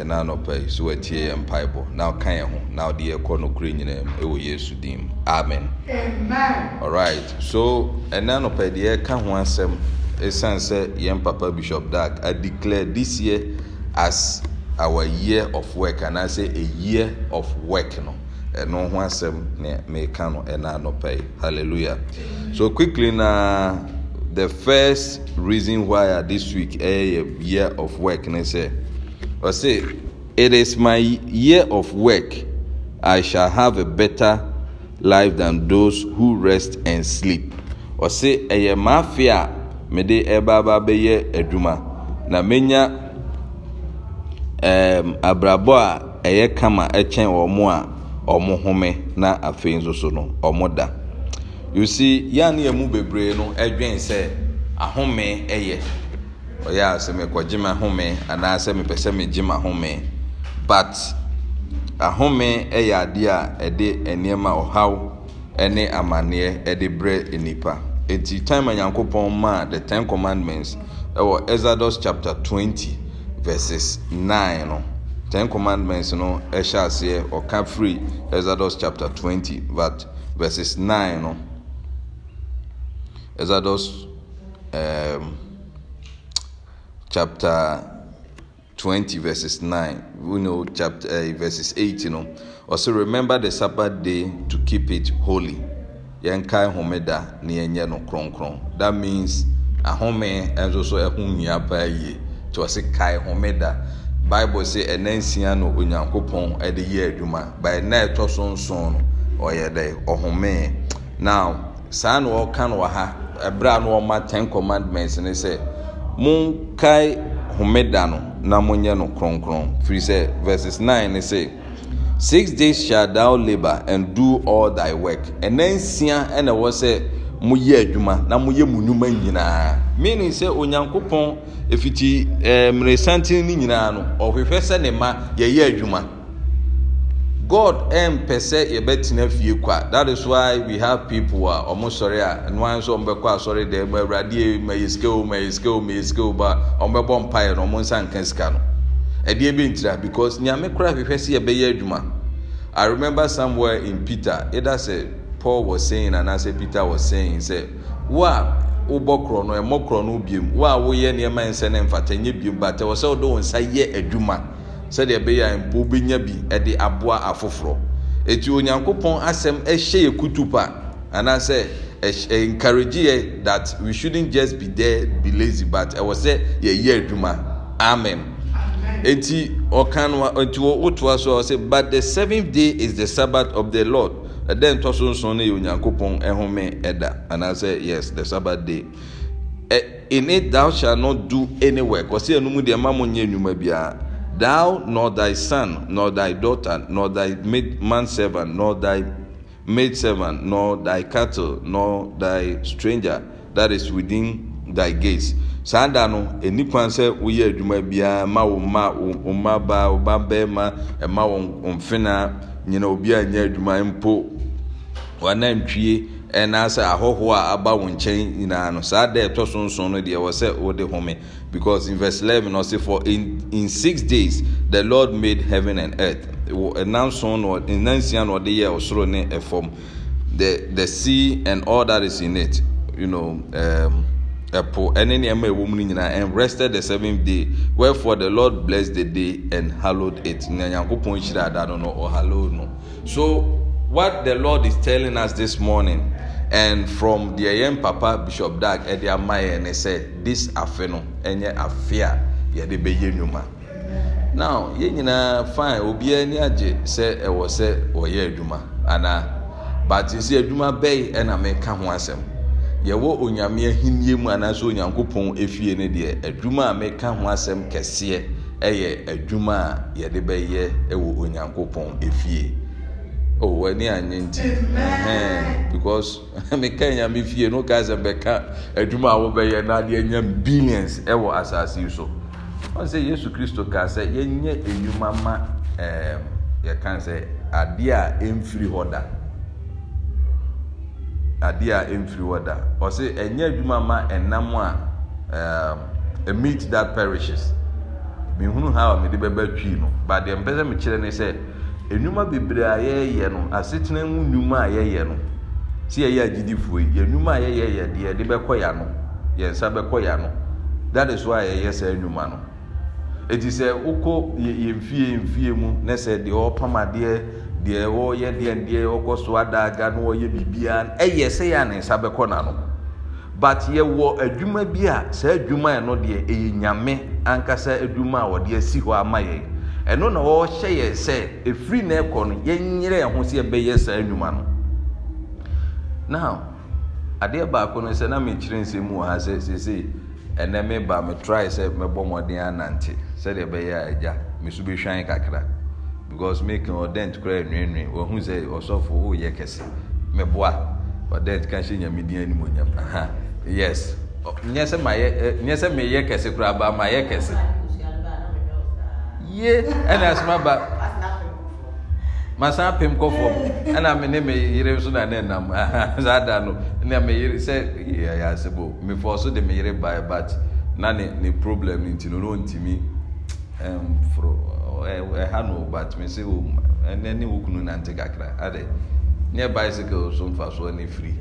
ɛna anɔpa yi so watie yɛ mpaebɔ na ɔka yɛn ho na ɔde yɛ nokorɛ nyinaa mu ɛwɔ yesu dim amen alright so ɛna anɔpa yi deɛ ɛka ho asɛm ɛsiane sɛ yɛn papa bishop dark i declare this year as our year of work anaasɛ a year of work no ɛno ho asɛm ne meka no ɛna anɔpa yi hallelujah so quickly na the first reason why this week ɛyɛ year of work ne sɛ say, it is my year of work i shall have a better life than those who rest and sleep ɔse ɛyɛ maafe a mede ɛba aba bɛyɛ adwuma na menya um, abrabɔ a ɛyɛ kama ɛkyɛn wɔn a wɔn home na afei nso so no wɔn da you see yɛn a mu bebree no ɛdwen sɛ ahome ɛyɛ. ɔyɛ a sɛ me mahome anaasɛ mepɛ sɛ megye mahome but ahome yɛ adeɛ a ɛde nnoɔma ɔhaw ne amanneɛ de berɛ nnipa ɛnti time a nyankopɔn maa the 10 commandments ɛwɔ exodus chapter 20 verses 9 no 10 commandments no ɛhyɛ aseɛ ɔka firi exodus chapter 20 but verses 9 no exodus um, chapter 20 verses 9 we know chapter uh, verses 8 you know also remember the sabbath day to keep it holy yɛnkae home da na yɛnyɛ no that means a nso so ɛho nnua paa yie nti wɔse kae home da bible sɛ ɛna nsia no onyankopɔn ɛde yɛ duma by na ɛtɔ so nson no ɔyɛ dɛ ɔhome now saa na ɔka ha a na ten commandments they say monkae homeda no na monyɛ no kronkron firi sɛ verses 9 ne sɛ six days shall thou labour and do all thy work ɛna nsia ɛna ɛwɔ sɛ moyɛ adwuma na moyɛ mo nnwuma nyinaa meaning sɛ onyankopɔn ɛfiti ɛɛ eh, mmerɛsanten no nyinaa no ɔhwehwɛ sɛ ne ma yɛyɛ adwuma god ɛmpɛ sɛ yɛbɛtena fie kwa that is why we have people a ɔmo sɔre a ɛnua nso ɔmo bɛkɔ asɔre dɛm ɛwurade yɛ ma yɛ sika o ma yɛ sika o ma yɛ sika o ba ɔmo bɛbɔ mpa yɛ no ɔmo nsa nka sika no ɛdeɛ bi ntira because nyame kora hwehwɛ sɛ yɛbɛyɛ adwuma i remember somewhere in peter either say paul was saying and I say peter was saying say wo a wobɔ korɔ no ɛmɔ korɔ no biem wo a woyɛ nneɛma nsɛ ne mfata nye biem but ɛwɔ sɛ wode wo nsa yɛ adwuma sɛdeɛ ɛbɛyɛ a mpo bɛnya bi de aboa afoforɔ ɛti onyankopɔn asɛm ɛhyɛ yɛ kutu pa anaasɛ encourage yɛ that we shouldn't just be there be lazy but ɛwɔ sɛ yɛyɛ adwuma amen eti ɔka no eti wotoa so ɔsɛ but the seventh day is the sabbath of the lord ɛdɛ ntɔ so nson no yɛ onyankopɔn ɛhome ɛda anaasɛ yes the sabbath day ɛ in it thou shall not do any work ɔsɛ ɛnum deɛ mma mo nyɛ biara thou nor thy son nor thy daughter nor thy maid manservant nor thy maidservant nor thy cattle nor thy stranger that is within thy gates saa da no enipa sɛ woyɛ adwuma biara ma wo ma wo ma baa wo ba bɛrima ɛma wo mfena nyina obi a nyɛ adwuma mpo wanantwie ɛnaasɛ ahɔhoɔ a aba wo nkyɛn nyinaa no saa da ɛtɔ so nson no deɛ wɔ sɛ wode home because in verse eleven ɔsi for in in six days the lord made heaven and earth ɛnanson no ɛnansia na ɔde yɛ ɔsoro ne ɛfam the the sea and all that is in it you know um, ɛpo ɛne nneɛma ɛwɔ mu no nyinaa and rested the seventh day wherefore the lord blessed the day and hallowed it na nyankopɔn hyira ada no no ɔhallowed no so what the Lord is telling us this morning, and from the AM Papa Bishop Dag Eddie Amaya, and he said, This afeno, and ye afia, ye de be yenuma. Now, ye nyina fine, obi ni aje, say, e was say, or ye duma, ana, but you see a duma bay, and I may come once him. yɛwɔ onyame ahenni mu anaasɛ onyankopɔn efie ne deɛ adwuma a meka ho asɛm kɛseɛ ɛyɛ adwuma a yɛde bɛyɛ ɛwɔ e onyankopɔn efie oh ani anye nti because meka nyame fie no ka sɛ bɛka adwuma a wobɛyɛ no adeɛ billions ɛwɔ asase yi so ɔn sɛ yesu kristo kaa sɛ yɛnyɛ enwuma ma ɛɛm yɛka sɛ adeɛ a ɛmfiri hɔ da adeɛ a ɛmfiri hɔ da ɔsɛ ɛnyɛ adwuma ma ɛnam a ɛɛm a meat that perishes mehunu ha a mede bɛbɛ twi no but deɛ mpɛ sɛ mekyerɛ ne sɛ nnwuma bebree a yɛyɛ no asetena mu nnwuma a yɛyɛ no si yɛyɛ agyidifoɔ yi nnwuma a yɛyɛ yɛ deɛ yɛde bɛkɔ yɛ ano yɛn nsa bɛkɔ yɛ ano that is why yɛyɛ saa nnwuma no eti sɛ wokɔ yɛn fie yɛn mu ne sɛ deɛ ɔpam adeɛ deɛ ɔyɛ deɛ deɛ ɔkɔ so adaaga na ɔyɛ biribiara ɛyɛ sɛ yɛ a ne nsa bɛkɔ n'ano but yɛwɔ adwuma bi a saa adwuma yɛ no deɛ ɛyɛ nyame ankasa adwuma a wɔde asi hɔ ama yɛn ɛno na wɔhyɛ yɛ sɛ ɛfiri na ɛkɔ no yɛnyerɛ ɛho sɛ yɛbɛyɛ saa nnwuma no now adeɛ baako no sɛ na mekyerɛ nsɛm mu ha sɛ seesei ɛnɛ me ba me try sɛ mɛbɔ mmɔden anante sɛdeɛ ɛbɛyɛ a agya me so bɛhwan kakra because make an ɔdɛnt kora ɛnweenwee wɔhu sɛ ɔsɔfo woyɛ kɛse mɛboa ɔdɛnt ka hyɛ nyamedin animonyam aha yes nyɛ sɛ mayɛ nyɛ sɛ meyɛ kɛse koraa baa mayɛ kɛse yie ɛna asoma ba masan apem kɔ fam ɛna me ne me yere nso na ne nam saa da no ɛna me yere sɛ yɛ asebo me fɔ so de me yere ba but na ne ne problem ne ti no no ntumi ɛm foro ɛha uh, no but me se o ɛnɛ ne wo kunu nante kakra ade nye bicycle so nfa so ne free.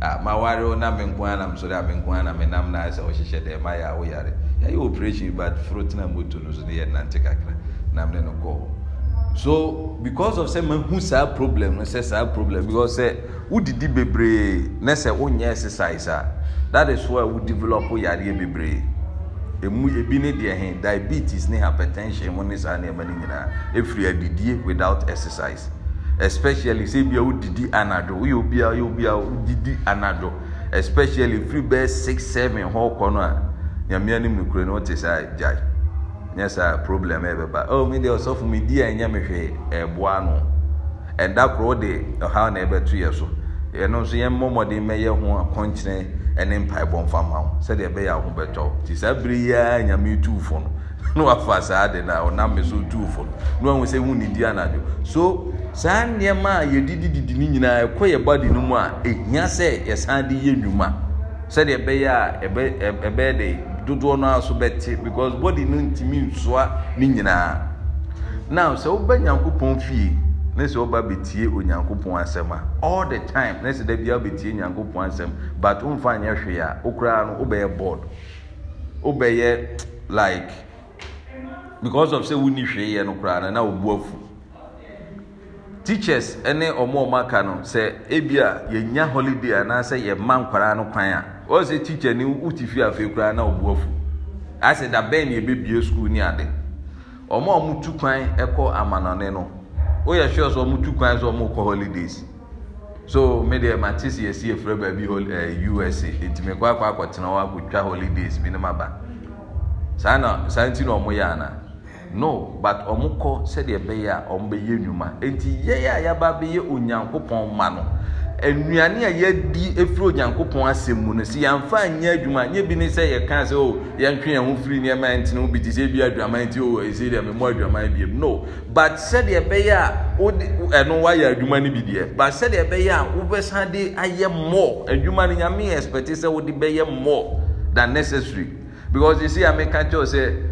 Ah, maware na me nko ana msɔre a me nko ana me nam na sɛ ɔhyehyɛ dɛ ma yɛ a woyare yɛyɛ operation but foro tena moto no so ne yɛ nante kakra nam ne no kɔ so because of sɛ mahu saa problem no sɛ saa problem because sɛ wodidi bebree na sɛ wonyɛ exercise a that is why wo develop yareɛ bebree emu ebi ne deɛ hɛn diabetes ne hypertension mu ne saa nneɛma ne nyinaa efiri adidie without exercise especially sɛ bia wodidi anadwo woyɛ obia yɛ obia wodidi anadwo especially firi bɛɛ six seven hɔ kɔ no a nyamea no mnokuro no wote saa gyae nyɛ saa problem ɛbɛba oh me deɛ ɔsɔfo me di a ɛnyɛ me hwee ɛboa no ɛda korɔ de ɔhaw na ɛbɛto yɛ so ɛno nso yɛn mmɔmmɔden mɛyɛ ho akɔnkyerɛ ɛne mpaebɔ mfa ma ho sɛdeɛ ɛbɛyɛ aho bɛtɔ nti saa bere yi a nyame tuufo no na wafa saa de no a ɔnam me so tuufo no na wahu sɛ hu ne di anadwo so saa nneɛma a yɛdidididi ne nyinaa ɛkɔ yɛ body no mu a ɛhia sɛ yɛsan de yɛ nnwuma sɛdeɛ ɛbɛyɛ a ɛbɛyɛ de dodoɔ no a so bɛte because body no ntumi nsoa ne nyinaa now sɛ woba nyankopɔn fie ne sɛ betie bɛtie onyankopɔn asɛm a all the time ne sɛ da biara bɛtie nyankopɔn asɛm but womfa nyɛ hwee a wokoraa no wobɛyɛ board wobɛyɛ like because of sɛ wonni hwee yɛ no koraa no na wobu afu teachers ne ɔmo ɔmo aka no sɛ ebi a yɛnya holiday anaasɛ yɛma nkwaraa no kwan a wɔn teacher ni wuti fi afei koraa na ɔbu afu asɛ da bɛn na ebebie school ne ade ɔmo a ɔmo tu kwan kɔ amanɔne no woyɛ sure sɛ ɔmo tu kwan sɛ ɔmo kɔ holidays so me deɛ ma te sɛ yɛsi efura baabi hol ɛɛ eh, usa ntumi kɔ akɔ akɔtena hɔ akɔtwa holidays bi ne ma ba saa na saa nti na ɔmo yɛ ana. no but wɔn kɔ sɛdeɛ ɛbɛyɛ a wɔn bɛyɛ nnwuma nti yɛyɛ a yɛaba bɛyɛ onyankopɔn ma no nnuane a yɛdi efiri onyankopɔn asɛm mu no si yɛnfa nyɛ adwuma nyɛ bi ne sɛ yɛka sɛ o oh, yɛntwe yɛn ho firi nneɛma yɛn tena ho bi ti sɛ ebi adwaman ti o oh, esi deɛ mɛmo adwaman bi mu no but sɛdeɛ ɛbɛyɛ a wode ɛno wayɛ adwuma no bi deɛ but sɛdeɛ ɛbɛyɛ a wobɛsan de ayɛ mɔ adwuma no nyame yɛ expect sɛ wode bɛyɛ mɔ than necessary because you see ameka kyɛw sɛ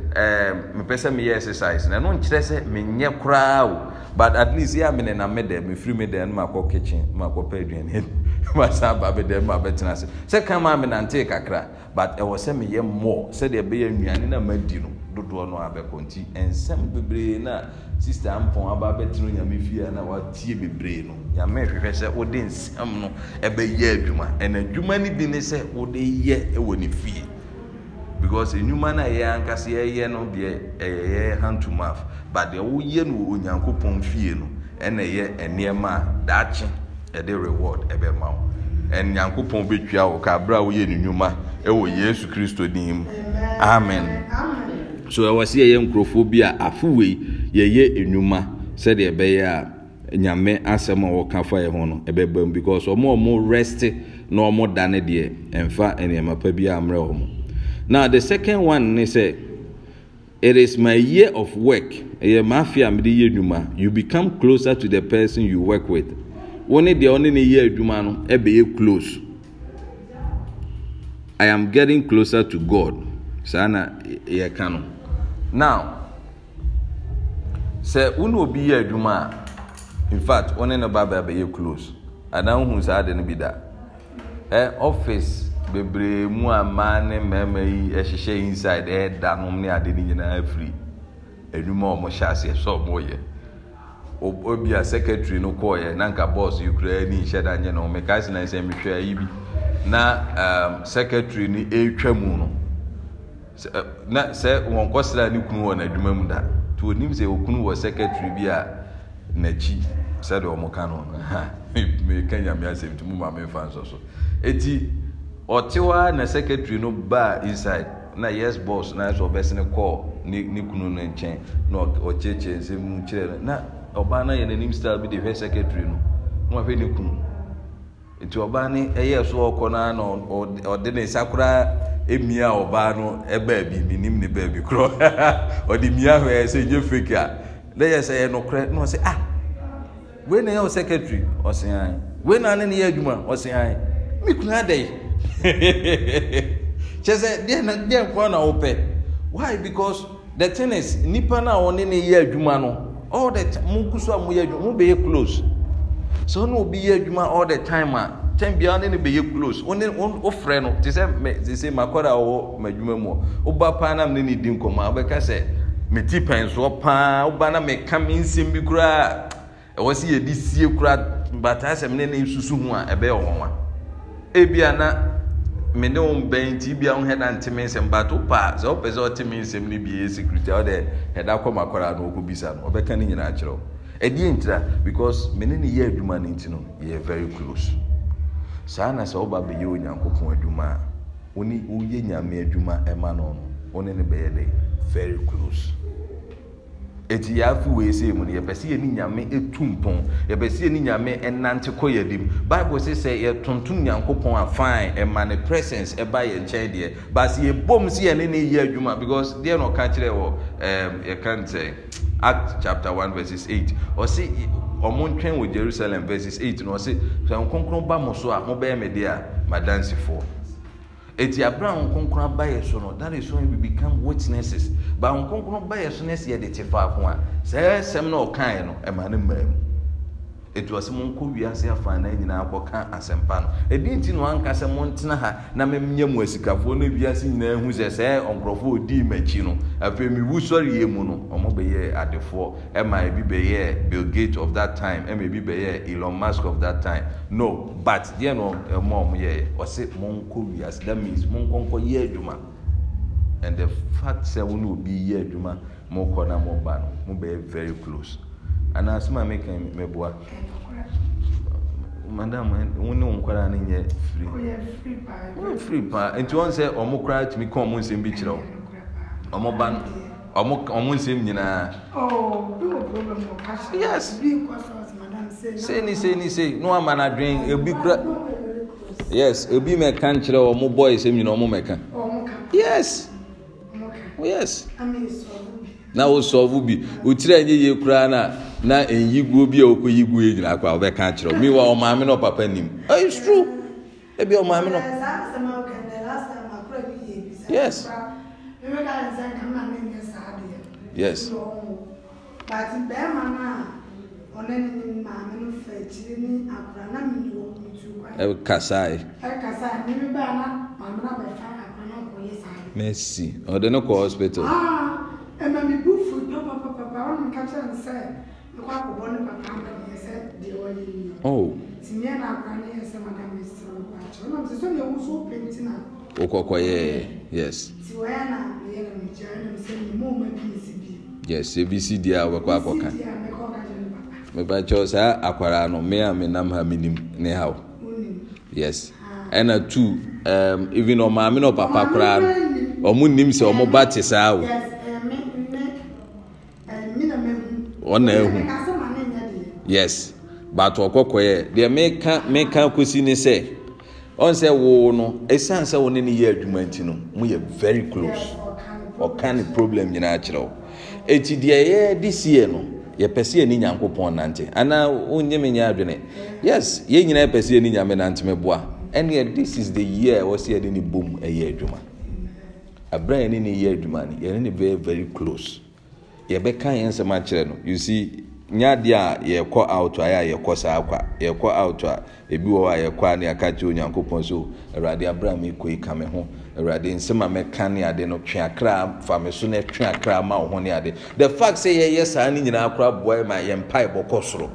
mepɛ sɛ meyɛ exercise na ɛno nkyerɛ sɛ menyɛ koraa o but at least yɛ a mene na meda mefiri me dan no makɔ kitchen makɔpɛ aduane masa ba beda mu abɛtena ase sɛ ka ma menantee kakra but ɛwɔ sɛ meyɛ mmɔ sɛdeɛ ɛbɛyɛ nnuane no madi no dodoɔ no abɛkɔ nti ɛnsɛm bebree no a sister ampɔn aba abɛtena onyame fie a na watie bebree no nyame hwehwɛ sɛ wode nsɛm no ɛbɛyɛ adwuma ɛna adwuma no bi ne sɛ wode yɛ wɔ ne fie because nnwuma no a yɛyɛ ankasa yɛyɛ no deɛ ɛyɛ yɛ hand to mouth but deɛ woyɛ no wɔ onyankopɔn fie no ɛna ɛyɛ nneɛma a daakye ɛde reward ɛbɛma eh, wo ɛnyankopɔn eh, bɛtua wo kabra abira woyɛ ne nnwuma ɛwɔ eh, yesu kristo din mu amen so ɛwɔ sɛ yɛyɛ nkurɔfoɔ bi a afowei yɛyɛ nnwuma sɛdeɛ ɛbɛyɛ a nyame asɛm a wɔka fa yɛ ho no ɛbɛba mu because ɔmo a ɔmo rest na ɔmo da ne deɛ ɛmfa nneɛma pa bi a mmerɛ wɔn now the second one they say, it is my year of work ɛyɛ maafi a mede yɛ you become closer to the person you work with wɔn the wɔn ne yɛ adwuma no ɛbɛyɛ eh, close i am getting closer to god saa na yɛ now say wɔn obi yɛ adwuma a in fact wɔn ne ba bɛyɛ close adan hu saa de no bi da ɛ eh, office. bebree mu a mmaa ne mmarima yi hyehyɛ inside ɛɛda nom ne ade nyinaa firi a wɔhyɛ aseɛ sɛ obi a secretary no na nka yi nhyɛ da nyɛ no si na mehwɛ ayi bi na um, secretary ɛretwa mu no na sɛ wɔn kɔsra ne kunu wɔ n'adwuma mu ɔte hɔ na secretary no baa inside na yes boss na ɛsɛ ɔbɛsene kɔɔ ne ne kunu no nkyɛn na ɔkyerɛkyerɛ nsɛm mu kyerɛ no na ɔbaa no yɛ n'anim style bi de hwɛ secretary no na wahwɛ ne kunu nti ɔbaa no ɛyɛ so ɔkɔ no na ɔde ne nsa koraa emia ɔbaa no ɛbaabi minim ne baabi korɔ ɔde mia hwɛ sɛ nye fake a na yɛ sɛ yɛ nokorɛ na ɔsɛ ah wei na yɛ ɔ secretary ɔsɛn an wei na ne ne yɛ adwuma ɔsɛn an mi kunu adɛ kyɛ sɛ deɛ na wopɛ why because the thing is nipa no a ɔne ne yɛ adwuma no all the time mo nkusu a mo yɛ adwuma mo bɛyɛ close sɛ ɔne obi yɛ adwuma all the time a kyɛn biara ne ne bɛyɛ close ɔne ɔfrɛ no te sɛ mɛ te sɛ makɔda a ɔwɔ mɛdwuma mu ɔba paa nam ne ne di nkɔmɔ a ɔbɛka sɛ mɛ ti pɛn paa ɔba na mɛ ka mɛ nsɛm bi koraa ɛwɔ si yɛ sie koraa bataa ne ne ho a ɛbɛyɛ me ne wo bɛn nti bia wo hɛda nte me nsɛm but wopa sɛ wopɛ sɛ ɔte me nsɛm no a kɔra no ɔbɛka nyinaa ntira because me ne ne yɛ adwuma no very close saa na sɛ woba bɛyɛ onyankopɔn adwuma a wone woyɛ nyame adwuma ɛma no ne bɛyɛ very close ɛti yɛafi wei sei mu no yɛpɛ sɛ yɛne nyame ɛtu mpɔn yɛpɛ sɛ yɛne nyame ɛnante kɔ yɛanim bible se sɛ yɛtontom nyankopɔn a fine ɛma e ne presence ɛba e yɛ nkyɛn deɛ but sɛ yɛbom sɛ yɛne ne yɛ adwuma because deɛ na ɔka kyerɛ wɔ yɛka n sɛ act chapter one, verses 8 ɔse ɔmo ntwɛn wɔ jerusalem verses 8 na ɔse sɛ nkronkron ba mo so a mobɛyɛ me deɛ a madansefoɔ ɛti aberɛ a honkonkron abayɛ so no that is when we become witnesses but honkonkron bayɛ so no ɛsɛ yɛde te faako a saa ɛsɛm no ɔkaeɛ no ɛma ne mmaa mu ɛtu ɔsɛ monkɔ wiase afanan nyinaa kɔka asɛmpa no ɛdi nti no anka sɛ montena ha na memnyɛ mu asikafoɔ no wiase nyinaa hu sɛ sɛ ɔnkurɔfoɔ ɔdii m'akyi no afei mewu sɔreɛ mu no ɔmo bɛyɛ adefoɔ ɛma ebi bɛyɛ bill gate of that time ɛma ebi bɛyɛ elon musk of that time no but deɛ no ɛmo a ɔmo yɛɛ ɔsɛ monkɔ wiase that means monkɔ nkɔ yɛ adwuma and the fact sɛ wo obi yɛ adwuma mokɔ na moba no mobɛyɛ very close anaasị maame kan mɛboa madam wọn ne wọn nkwadaa no nyɛ firi wọn firi paa nti wọn sɛ wɔn koraa tumi ka wɔn nsɛm bi kyerɛ wɔn wɔn ba no wɔn wɔn nsɛm nyinaa. yes sei ni sei ni sei na wɔn ama na adwene ebi kura yes ebi mɛka nkyerɛ wɔn boys ɛmu nyinaa wɔn mɛka yes yes. I mean, so na wosɔfo bi wotire nye yie koraa na na nyi guo bi a wokɔyi guo yɛ nyinaa kɔ a wobɛka akyerɛ mi wa ɔmaame na ɔpapa nim it's true ebi ɔmaame na. yes. yes. ɛkasae ah, merci ɔde no kɔ hospital. Ah, ɛma mi bu fu do papapapa ɔno nka kyerɛ no sɛ mekɔ akɔbɔ ne papa ama neɛ sɛ deɛ ɔyɛ nyina oh. nti meɛ na akora ne yɛ sɛ madam ɛsrɛ wokɔ akyerɛ nam sɛ sɛneɛ wo so wopɛnti na wokɔkɔyɛɛ yes nti wɔyɛ na meyɛ na megyae nam sɛ memɔma bi nsi bi yes ebisi di a wɔbɛkɔ akɔka meba kyɛw saa akwaraa no me a ha menim ne haw yes ah. ɛna tu um, even ɔmaame ne ɔpapa koraa no ɔmo nim sɛ ɔmo ba te saa o yes. Ọ uh, hmm. na-ehu, yes but ɔkɔkɔɛ deɛ meka meka kɔsi ne sɛ ɔn sɛ woo no ɛsiane sɛ wo ne no yɛ adwuma nti no yɛ very close ɔka ne problem nyinaa kyerɛ wo ɛti deɛ yɛ de sie no pɛ yɛpɛ ni yɛni nyankopɔn nante anaa wonyeme nyɛ adwene yes yɛn nyinaa yɛpɛ sɛ yɛni nyame nanteme boa ɛneɛ this is the year ɛwɔ sɛ yɛde ne bom ɛyɛ adwuma aberɛ a yɛne ne yɛ adwuma no yɛne ne very very close yɛbɛka yɛn nsɛm akyerɛ no you see nyadeɛ a yɛkɔ out ayɛ a yɛkɔ saa kwa yɛkɔ out a ebi wɔ a yɛkɔ a ne aka kyerɛ onyankopɔn so awurade abira mi kɔ yi ka me ho awurade nsɛm a mɛka ne ade no twe akra fa me so na twe akra ma wo ho ne ade the fact sɛ yɛyɛ saa ne nyinaa kora boa ma yɛn mpa ɛbɔ kɔ soro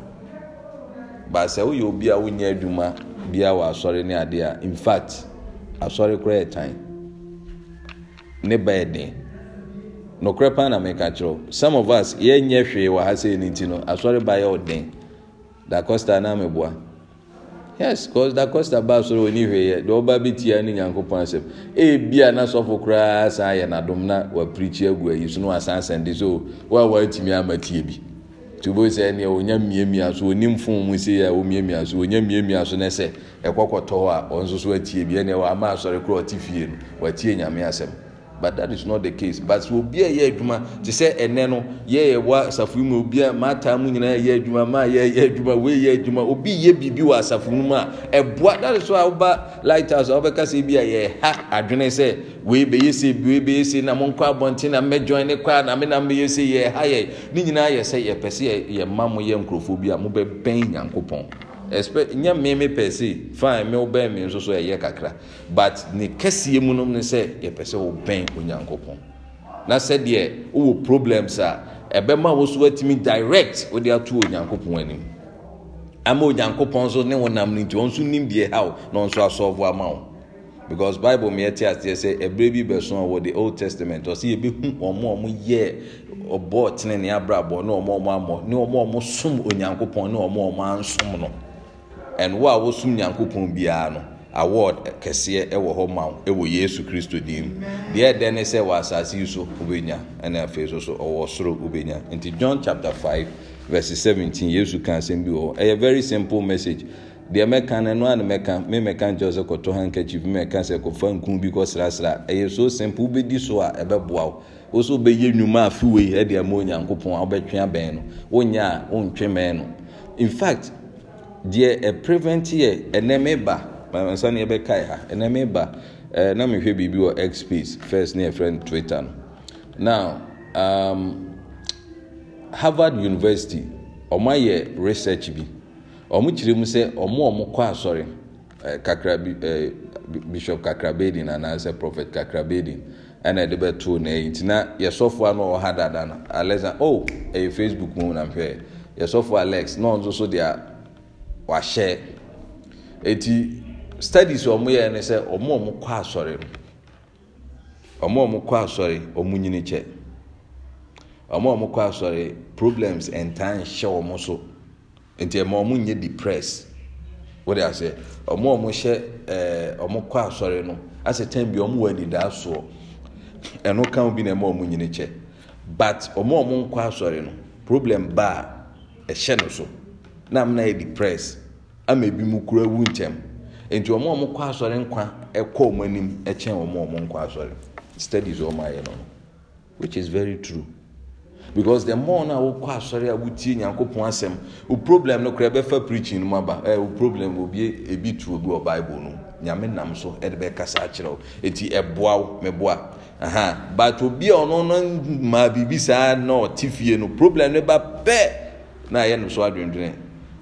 baasa woyɛ obi a wonyɛ adwuma bia wɔ asɔre ne ade a in fact asɔre kora yɛ tan ne ba den nokorɛ paa na meka kyerɛw some of us yɛnyɛ hwee wɔ ha sɛ ɛni ti no asɔre ba yɛ ɔden da costa na meboa yes cause da costa ba asɔre wɔ ni hwee yɛ deɛ ɔba bi tia ne nyankopɔn asɛm ebia na sɔfo koraa saa yɛ n'adom na wapirikyi agu ayi so na wasan sɛnde so wa watumi ama tie bi tubo sɛ ɛnea onya miamia so onim fun mu se yɛ omiamia so onya miamia so n'ɛsɛ ɛkɔkɔtɔ hɔ a ɔnso so atie bi ɛnea wama asɔre koraa but that is not the case but obi a ɛyɛ adwuma te sɛ ɛnɛ no yɛyɛ wɔ asafo yi mu obi a maataa mu nyinaa yɛ adwuma maa yɛ yɛ adwuma wei yɛ adwuma obi yɛ biribi wɔ asafo no mu a ɛboa e that is why woba light house a wobɛka sɛ bi a yɛ ha adwene sɛ wei bɛyɛ sɛ bi wei bɛyɛ sɛ na mo nkɔ abɔnten na mɛjoin ne kɔ a na me na mɛyɛ sɛ yɛ ha yɛ ne nyinaa yɛ sɛ yɛpɛ sɛ yɛ ma mo yɛ nkurɔfoɔ bi a mo bɛbɛn nyankopɔn. nyɛ meme pɛ se fine me wobɛn me nso so ɛyɛ kakra but ne kɛseɛ mu nom no sɛ yɛpɛ sɛ wobɛn onyankopɔn na sɛdeɛ wowɔ problems a ɛbɛma wo so atumi direct wode ato anim ama onyankopɔn so ne wonam no nti ɔ nso nim deɛ na ɔnso ama because bible aseɛ sɛ bi wɔ old testament ɛnwo a wɔsom nyankopɔn biara no award kɛseɛ wɔ hɔ ma wɔ yesu kristo din deɛ ɛdɛn ne sɛ wɔ asase yi so wobɛnya ɛna afei so so ɔwɔ soro wobɛnya nti john chapter 5 verse 17 yesu ka asɛm bi wɔ hɔ ɛyɛ very simple message deɛ mɛka no ɛno a ne mɛka me mɛka nkyɛw sɛ kɔtɔ handkerchief me mɛka sɛ kɔfa nkum bi kɔsrasra ɛyɛ so simple wobɛdi so a ɛbɛboa wo wo so wobɛyɛ nnwuma a fiwei ɛde ama onyankopɔn a wobɛtwe abɛn no wonyɛ a wontwe mɛn no in fact deɛ ɛprevent yɛ ɛnɛ mi ba nsa ne yɛbɛka ha ɛnɛ ba ɛɛ na mehwɛ biribi wɔ x space first ne yɛfrɛ no twitter no now um, harvard university ɔmo ayɛ research bi ɔmo kyerɛ mu sɛ ɔmo ɔmo kɔ asɔre ɛɛ kakra bi ɛɛ bishop kakra bedin anaasɛ prophet kakra bedin ɛna ɛde bɛtoo na ɛyi ntina yɛsɔfo ano ɔwɔ ha dada no alexa oh ɛyɛ facebook mu na hwɛ yɛsɔfo alex na ɔno nso so deɛ wahyɛ ɛti studies ɔmoyɛɛ ne sɛ ɔmo ɔmo kɔ asɔre no ɔmo ɔmo kɔ asɔre ɔmo nyini kyɛ ɔmo ɔmo kɔ asɔre problems ɛntaa nhyɛ ɔmo so nti ɛma ɔmo nyɛ depressed wode asɛ ɔmo ɔmo hyɛ ɛɛ ɔmo kɔ asɔre no asɛ tɛn bi ɔmo wɔ anidaa soɔ ɛno kan bi na ɛma ɔmo nyini kyɛ but ɔmo ɔmo nkɔ asɔre no problem baa ɛhyɛ no so na amena yɛ depress ama ebi mu kura wu ntɛm nti wɔn a wɔkɔ asɔre nkwa kɔ wɔn anim kyɛn wɔn a wɔnkɔ asɔre studies wɔn ayɛ no which is very true because the more na wɔkɔ asɔre a wɔtie nyankopɔn asɛm o problem no kora ɛbɛfa preaching mu aba ɛ eh, o problem obi ebi tu obi wɔ bible no nyame nam so ɛde bɛkasa akyerɛw eti ɛboa wo mɛboa aha but obi a ɔno no maa biribi saa na ɔte fie no problem no ba pɛ na ayɛ no so adwendwene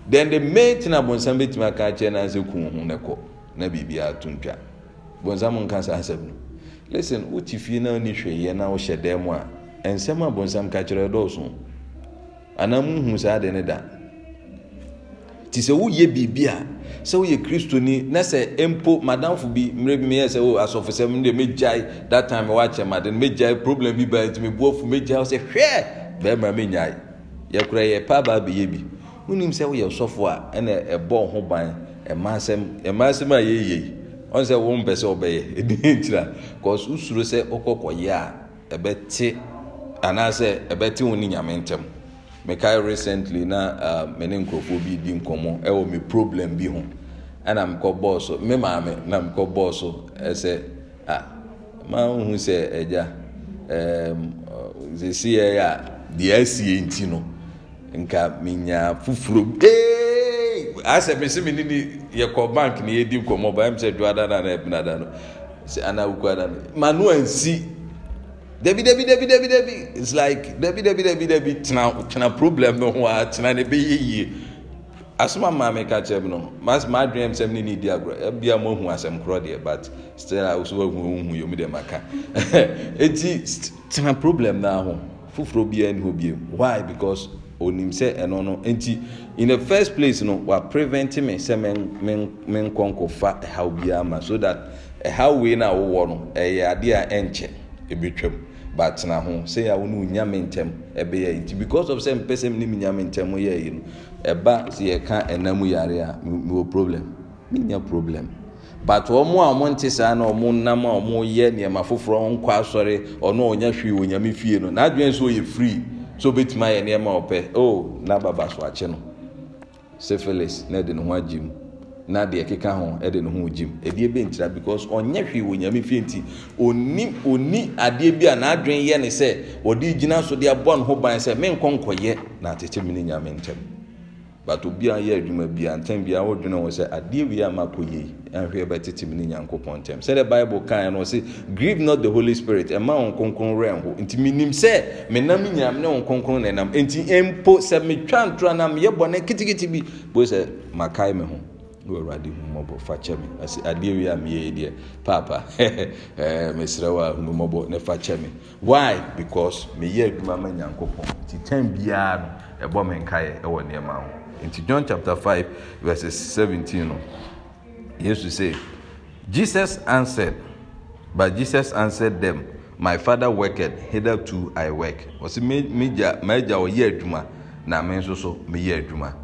then the main thing abonsam bɛtumi aka akyerɛ no sɛ kun ho no na biribiara to ntwa bonsam nka saa asɛm no listen wote fie na woni hwɛyɛ na wohyɛ dan mu a nsɛm abonsam ka kyerɛ dɔɔso anaa muhu saa de ne da nti sɛ woyɛ biribi a sɛ woyɛ kristoni na sɛ mpo madamfo bi mmerɛ bi meyɛ sɛ o oh, asɔfosɛm no deɛ mɛgyae that time wɔakyɛ made no mɛgyae problem bi baa nti mebuafo mɛgyae sɛ hwɛ bɛrima mɛnyae yɛkora yɛ pa baa bɛyɛ bi wonim sɛ woyɛ sɔfoɔ a na ɛbɔɔ ho ban ɛmaasɛm a yɛyei ɔn sɛ wompɛ sɛ wobɛyɛ ɛdentira bcause wosuro sɛ wokɔkɔyɛ a ɛbɛte anaasɛ ɛbɛte wo ne nyame ntɛm mekae recently na me ne nkurɔfoɔ bi di nkɔmmɔ ɛwɔ me problem bi ho ɛna maame na ɛsɛ sɛ a deɛ asie nti no nka menya fufuro ee asɛ mesi mi ni ni yɛkɔ bank ni yɛdi nkɔmɔ ba ɛmu sɛ do ada na ɛbi na ada no sɛ ana awuku ada no manu ansi dabi dabi dabi dabi dabi it's like dabi dabi dabi dabi tena tena problem no ho a tena ne bɛ yɛ yie asoma maame ka kyerɛ mu no maa maa adwene mu sɛm ne ne di agorɔ ebia mo ehu asɛm korɔ deɛ but still a osu ehu ehu yom deɛ ma ka eti tena problem naa ho foforɔ biara ni hɔ bie why because onim sɛ ɛno no nti in the first place no wa prevent me sɛ me nkɔ nkɔfa ɛhaw biara ma so that ɛhaw wei na a wowɔ no ɛyɛ adeɛ a ɛnkyɛ ebi twam but na ho sɛ yà wɔn nya me ntɛm ɛbɛyɛ nti because of sɛ mpɛ sɛ ne mi nya me ntɛm yɛ yi no ɛba sɛ yɛka ɛnam yare a mi wɔ problem mi nya problem but wɔn a wɔn nte saa na wɔn nam a wɔn yɛ nneɛma foforɔ wɔn kɔ asɔre ɔno a wɔn nya hwee wɔ nyame fie no n'adwene nso yɛ free so obɛtumi ayɛ nneɛma ɔpɛ o oh, n'ababa so akye no syphilis na ɛde ne ho agye na deɛ ɛkeka ho ɛde ne ho gye ɛdeɛ bɛ ntira because ɔnyɛ hwee wɔ nyame fie nti oni oni adeɛ bi a n'adwene yɛ ne sɛ ɔde gyina so de aboa ne ho ban sɛ menkɔ nkɔyɛ na atete mi ne nyame ntɛm but obi a yɛ adwuma bi antam bi a wɔdwene wɔn sɛ adeɛ wie a makɔ yie ahwɛ bɛtete mu ne nyankopɔn ntɛm sɛdeɛ bible kan no sɛ grieve not the holy spirit ɛma wɔn kronkron wɛn ho nti menim sɛ menam nyinam ne wɔn kronkron na ɛnam nti mpo sɛ metwa ntora na meyɛ bɔne kitikiti bi bo sɛ makae me ho wɔ awurade hu mmɔbɔ fakyɛ me ɛsɛ adeɛ wie a meyɛ deɛ paapa ɛɛ eh, mesrɛ wɔ ahu mmɔbɔ ne fakyɛ me why because meyɛ adwuma e e ma nyankopɔn nti tɛn biara no ɛbɔ me nkaeɛ ɛwɔ nneɛma ho nti john chapter 5 verse 17 no yesu say jesus answered but jesus answered them my father worked hitherto i work ɔsi meja meja ɔyɛ adwuma na me nso so meyɛ adwuma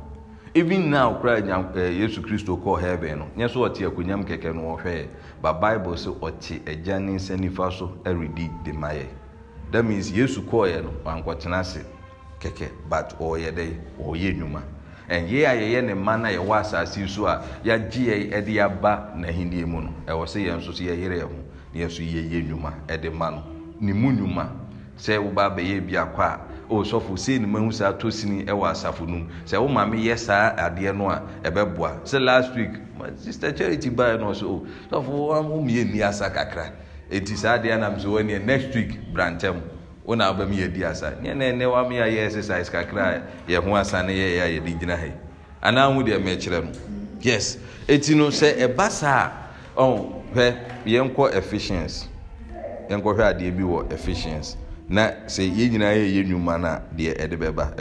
even now kura eh, yesu kristo kɔ heaven no nyɛ so ɔte akonnwa mu kɛkɛ no ɔhwɛ but bible sɛ ɔte agya ne nsa nifa so ɛredi de ma yɛ that means yesu kɔɔyɛ no wankɔtena ase kɛkɛ but ɔɔyɛ dɛ ɔɔyɛ adwuma ɛnyɛ a e yɛyɛ ne mma no a yɛwɔ asase yi so a yɛagye yɛ de aba n'ahenni mu no ɛwɔ e sɛ yɛn nso so yɛyere yɛn ho na yɛn nso yɛyɛ nnwuma de ma no ne mu nnwuma sɛ woba abɛyɛ bi akɔ a osɔfo sei ne mahu saa tɔ sini e wɔ asafo no mu sɛ wo maame yɛ saa adeɛ no a ɛbɛboa sɛ last week sister charity baɛ no ɔsɛ o sɔfo wamomyɛ nni asa kakra ɛti saa adeɛ anam sɛ wɔneɛ next week brantɛm wo na aba mu yɛdi asa neɛ na ɛnɛ wame a yɛ exercise kakra a yɛ ho asa ne yɛyɛ a yɛde gyina ha yi anaa ho deɛ mɛkyerɛ no yes ɛti no sɛ ɛba saa a hwɛ yɛnkɔ efficiency yɛnkɔhwɛ adeɛ bi wɔ efficiency na sɛ yɛn nyinaa yɛyɛ nnwuma no a deɛ ɛde bɛba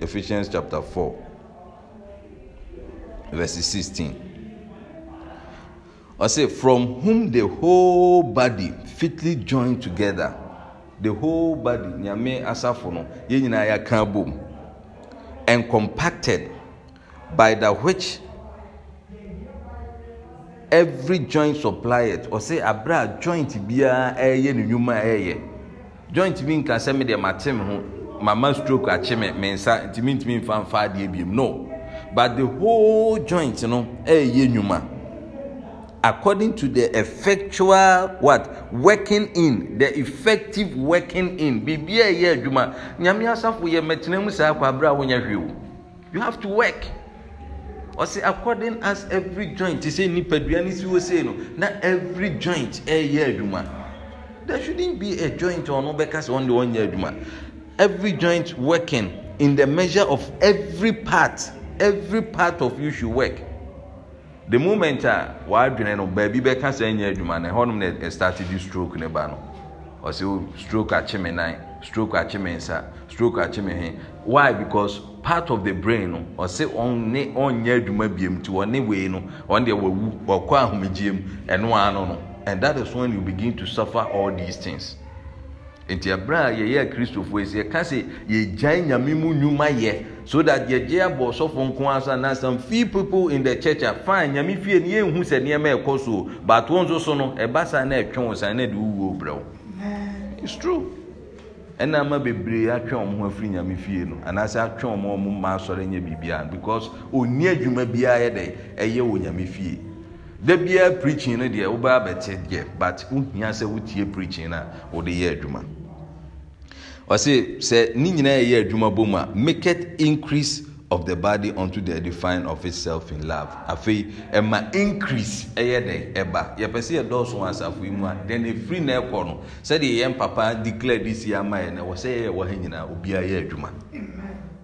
efficiency chapter four, verse 16 ɔsɛ from whom the whole body fitly joined together the whole body nyame asafo no yɛn nyinaa yɛaka abom and compacted by the which every joint supply it. ɔsɛ abira joint biara ɛyɛ ne nnwuma ɛyɛ joint bi nka sɛ mi deɛ ma te mi ho mama stroke akye me, mi nsa ntumi ntumi nfa nfa adeɛ bi no but the whole joint no ɛyɛ nnwuma according to the effectual what working in the effective working in biribi a ɛyɛ adwuma nyame asafo yɛ mɛtena mu saa akɔ abira a wɔnyɛ o you have to work ɔsi according as every joint ti sɛ nipadua ne si wo no na every joint ɛyɛ adwuma there shouldn't be a joint ɔno bɛka sɛ ɔno de ɔnyɛ adwuma every joint working in the measure of every part every part of you should work the moment a wadwene no baabi bɛka sɛ nyɛ adwuma no ɛhɔnom na ɛstarte di stroke ne ba no ɔsɛ stroke akye me nan stroke akye me nsa stroke akye me he why because part of the brain no ɔsɛ ɔne ɔnyɛ adwuma biem ti ɔne wei no ɔne deɛ wawu ɔkɔ ahomegyeɛ mu ɛno ano no and that is when you begin to suffer all these things nti abira a yɛyɛ kristofoɔ yi sɛ yɛka sɛ yɛgyae nyame mu nnwuma yɛ so that yɛgye abɔ ɔsɔfo nko asa na some few people in the church are fine nyame fie no yɛnhu sɛ nneɛma ɛkɔ so but wɔn nso so no ɛba saa na ɛtwe wɔn saa na ɛde wuo brɛ wo it's true ɛna ama bebree atwe wɔn ho afiri nyame fie no anaasɛ atwe wɔn a wɔn mma asɔre nyɛ biribiara because oni adwuma biara yɛ dɛ ɛyɛ wɔ nyame fie da biara preaching no deɛ wobɛa bɛte deɛ but wohia sɛ wotie preaching no a wode yɛ adwuma ɔse sɛ ne nyinaa yɛyɛ adwuma bom a it increase of the body unto the edifying of itself in love afei ɛma increase ɛyɛ dɛ ɛba yɛpɛ sɛ yɛdɔɔso wɔ asafo yi mu a then ɛfiri na ɛkɔ no sɛdeɛ yɛn papa declare this year, ama yɛ na wɔ sɛ yɛyɛ wɔ ha nyinaa obiara yɛ adwuma. Amen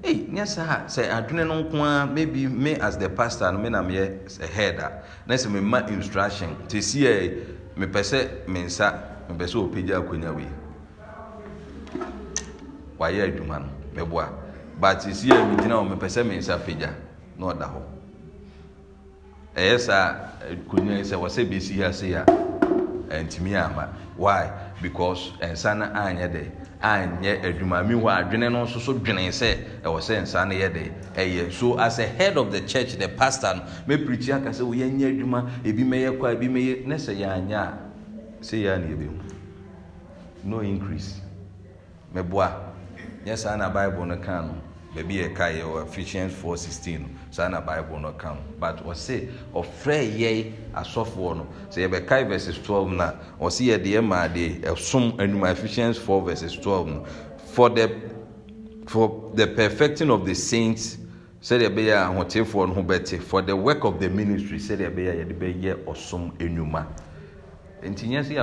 hey nyɛ saa sɛ adwene no nko ara maybe me as the pastor me na meyɛ sɛ head a na sɛ me ma instruction te si yɛ mepɛ sɛ me nsa mepɛ sɛ opagya akonnwa wei wayɛ adwuma no meboa but te si yɛ megyina hɔ mepɛ sɛ me nsa pagya na ɔda hɔ ɛyɛ saa akonnwa yi sɛ wɔsɛ besi ha se a ntumi ama why because nsa no anyɛ dɛ anyɛ adwuma mi hɔ adwene no nso so dwene sɛ ɛwɔ sɛ nsa no yɛ de ɛyɛ so as a head of the church the pastor no mɛpirikyi aka sɛ wɔyɛ nyɛ adwuma ebi mɛyɛ kɔ ebi mɛyɛ ne sɛ yɛanyɛ a sɛ yɛa ne yɛbɛmu no increase mɛboa nyɛ saa na bible no ka no baabi yɛ ka yɛ Ephesians four sixteen no saa na Bible no ka ho but ɔse ɔfrɛ yɛn asɔfoɔ no sɛ yɛbɛka verses twelve na ɔse yɛ deɛ maa deɛ ɛsom enuma. Ephesians four verses twelve no for the for the perfecting of the saints sɛdeɛ ɛbɛyɛ ahotefoɔ no ho bɛte for the work of the ministry sɛdeɛ ɛbɛyɛ yɛde bɛyɛ ɔsom enuma nti nyɛ sɛ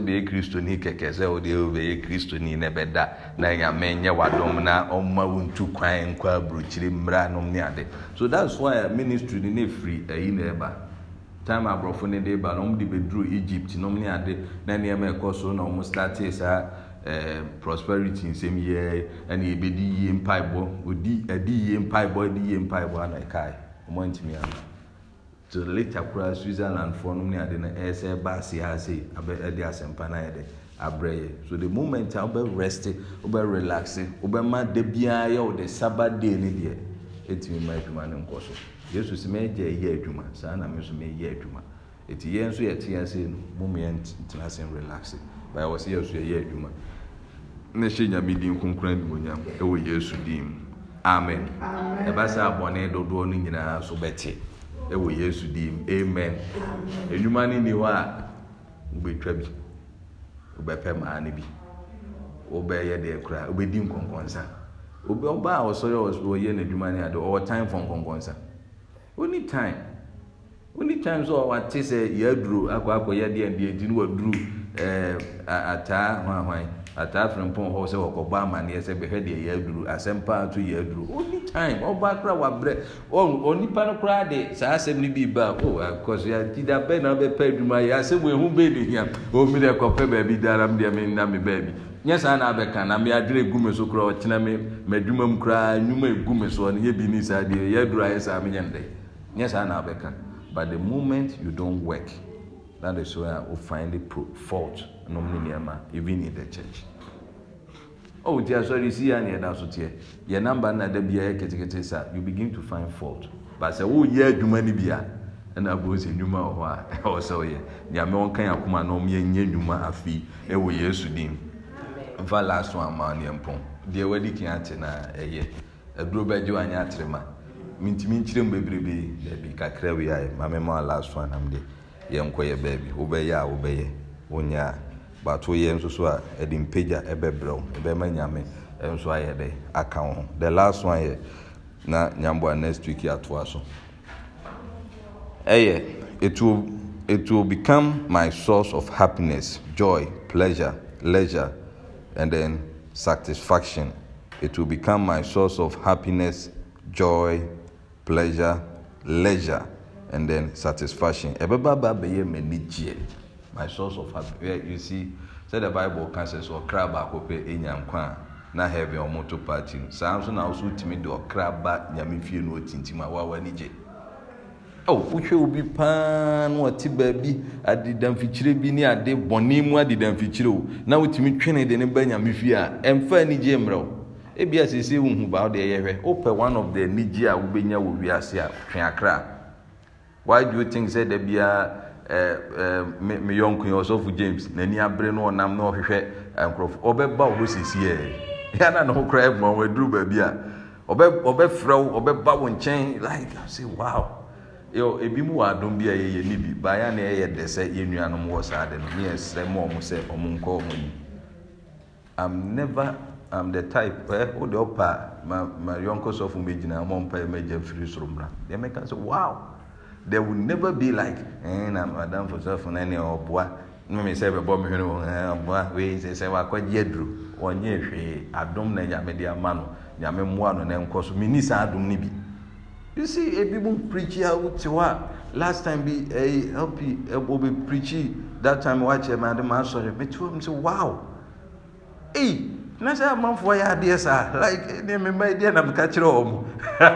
bɛyɛ kristoni kɛkɛ sɛ o wobɛyɛ kristoni na ɛbɛda na nyame nyɛ wadom na ɔma wo ntu kwan nkɔ aburokyire mmra nom ne ade so that's why ministry no ne ɛfiri ayi na ɛba time aborɔfo no de ba na ɔmde bɛduru egypt nom ne ade na nneɛma ɛkɔ so na ɔmo startee saa eh, prosperity nsɛm yɛ ɛna yɛbɛdi yie mpaebɔ odi adi yie mpaebɔ adi yie mpaebɔ ana ɛkae ɔmo antumi ana to later koraa switzerland foɔ no ne ade no ɛsɛ baasi ha sei abɛ ɛde asɛmpa no ayɛ dɛ abrɛ yɛ so the moment a wobɛ rest wobɛ eh, relax wobɛma eh, da biara eh, yɛ wo de sabat day ne deɛ ɛtumi ma adwuma no nkɔ so yesu sɛ mɛgya ɛyɛ adwuma saa na me nso mɛyɛ adwuma ɛti yɛn nso yɛte ase no mom yɛn tena ase relax but ɛwɔ sɛ yɛso yɛyɛ adwuma ne hyɛ nyame din konkora nimonyam ɛwɔ yesu din mu amen ɛba sɛ abɔne dodoɔ no nyinaa so bɛte ɛwɔ yesu diim, amen enwuma no ni hɔ a wobɛtwa bi wobɛpɛ maa no bi wobɛyɛ deɛ koraa wobɛdi nkɔnkɔnsa ɔbaa a ɔsɔre ɔyɛ n'adwuma no ade ɔwɔ time for nkɔnkɔnsa only time only time sɛ ɔwate sɛ yɛaduro akɔ akɔyɛ deɛ deɛ nti no waduru ɛɛ ataa hwan hwan ataa firi mpɔn hɔ sɛ wɔkɔbɔ amaneɛ sɛ bɛhwɛ deɛ yɛ aduru asɛm paa to yɛ aduru oni time ɔba kora wabrɛ ɔn onipa no koraa de saa asɛm no bi ba o akɔso ya ti da bɛn na bɛpɛ adwuma yɛ asɛm wo ehu bɛɛ de hia omi dɛ kɔpɛ baabi dara mi deɛ mi nna mi baabi nyɛ saa na abɛka na mi adere egu mi so koraa ɔkyena mi mɛ adwuma mu koraa nnwuma egu mi so ɔno yɛ bi ni saa deɛ yɛ aduru ayɛ saa mi nyɛ ndɛ nyɛ saa na abɛka but the moment you don work that is where you find the fault nom ne nneɛma even in the church oh dear sorry si ya na yɛda so teɛ yɛ namba na da biara yɛ ketekete sa you begin to find fault but sɛ woyɛ adwuma no bi a ɛna abuo sɛ nnwuma wɔ hɔ a ɛwɔ sɛ woyɛ nyame wɔnka yɛ akoma na ɔmyɛnyɛ nnwuma afei ɛwɔ yesu din mfa last one ma neɛ mpɔn deɛ wadi kan ate na ɛyɛ aduro bɛgye wanyɛ atrema mentumi nkyerɛ mu bebrebe baabi kakra wei a mame ma last one am de yɛnkɔyɛ baabi wobɛyɛ a wobɛyɛ wonyɛ a baato yɛ nso so uh, a ɛde mpagya ɛbɛbrɛ wo ɛbɛma nyame nso ayɛ dɛ aka wo ho the last one yɛ na nyamboa next week atoa so ɛyɛ it will it will become my source of happiness joy pleasure leisure and then satisfaction it will become my source of happiness joy pleasure leisure and then satisfaction ɛbɛba ba bɛyɛ m'ani gyeɛ my source of happiness yeah, you see sɛ the bible ka sɛ sɛ ɔkra baako pɛ enya nkwa a na heaven ɔmo to party no saa nso na ɔso tumi de ɔkra ba nyame fie no ɔtintim a wawa ni gye ɛwɔ wohwɛ obi paa na ɔte baabi adidamfikyire bi ne ade bɔnne mu adidamfikyire o na wotumi twene de ne ba nyame fie a ɛmfa ani gye mmerɛ o ebi asese ohun ba ɔde ɛyɛ hwɛ opɛ one of the anigye a wobɛnya wɔ wiase a twe akra why do you think sɛ dabi a. Eh, eh, me meyɔnkoyi ɔsɔfo james n'ani abere no ɔnam na ɔhwehwɛ eh, nkurɔfo ɔbɛba wo hɔ sesiɛ yɛna ne ho kora ɛbuma wɔn aduru baabi a ɔbɛfrɛ wo ɔbɛba wɔn nkyɛn like i say wow yɔ ebi mu wɔ adum bi a yɛyɛ n'ibi bi baaya na yɛyɛ dɛ sɛ yɛn nuanom wɔ saa de no ne yɛsɛ mu ɔmo sɛ ɔmo nkɔ ɔmo ni i'm never i'm the type ɛ o de ɔpa ma ma yɔnko sɔfo mi gyina ɔmo mpa yɛ ma firi soro mura deɛ mɛka sɛ wow. there will never be like ɛn eh, madam fosafo na ɛni ɔboa mímí sɛ bɛbɔ mi wɔn ɛn ɔboa eh, wei sɛ sɛ wakɔgye aduro wɔnyɛ hwee adum na nyame de ama no nyame mmoa no na nkɔ so mi saa adum ni bi you see ebi mu preachi a wote hɔ a last time bi ɛyi eh, helpi ɛbɔ bi preachi that time wakyɛ maa de maa sɔrɔ mi ti wɔ sɛ wow ɛyi. Hey! na sɛ amanfoɔ yɛ adeɛ saa like ne mema deɛ na meka kyerɛ wɔ mu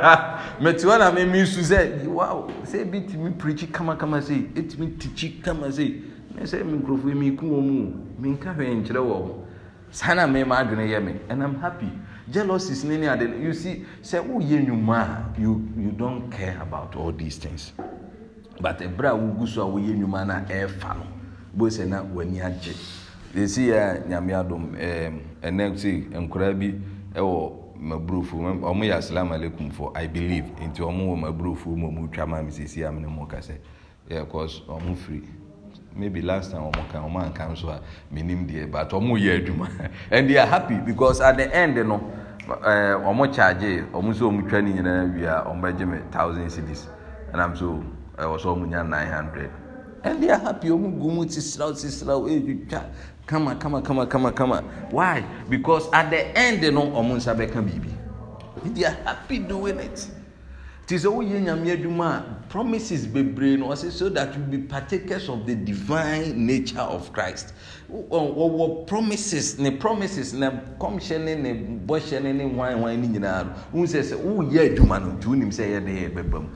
metiwa na meme su sɛ wow sɛ bi tumi prikyi kamakama sei ɛtumi tikyi kama sei ne sɛ nkurɔfoɔ meku wɔ mu menka hwɛ nkyerɛ wɔ mu saa na mema adwene yɛ me and i'm happy jealousies ne ne ade you see sɛ woyɛ nnwuma a you you don't care about all these things but ɛberɛ a wogu so a woyɛ nnwuma no a ɛɛfa no bo sɛ na w'ani agye yɛsi yɛ uh, nyame adom ɛnɛ um, sɛ nkoraa bi wɔ eh, oh, maburofuo ɔmo oh, yɛ asalam aleikum fo i believe nti ɔmo wɔ maburofuo mu ɔmo twa maa mi sisi amene mu kasɛ yeah cause ɔmo oh, firi maybe last time ɔmo kan ɔmo anka nso a uh, menim deɛ but ɔmo yɛ adwuma and they are happy because at the end no ɛɛ ɔmo charge ɔmo so ɔmo twa ne nyinaa wia ɔmo bɛgye me thousand cedis ɛnam so ɛwɔ sɛ ɔmo nya nine hundred ɛndeɛ happy ɔmu gu mu sisiraw sisiraw ɛretwitwa kama kama kama kama kama why because at the end no ɔmo nsa bɛka biribi they are happy doing it ti sɛ woyɛ nyame adwuma promises bebree no ɔsɛ so that you be partakers of the divine nature of christ wɔwɔ promises ne promises ne kɔmhyɛ ne ne bɔhyɛ ne ne hwan hwan ne nyinaa no wohu sɛ sɛ woyɛ adwuma no nti wonim sɛ de yɛ bɛba mu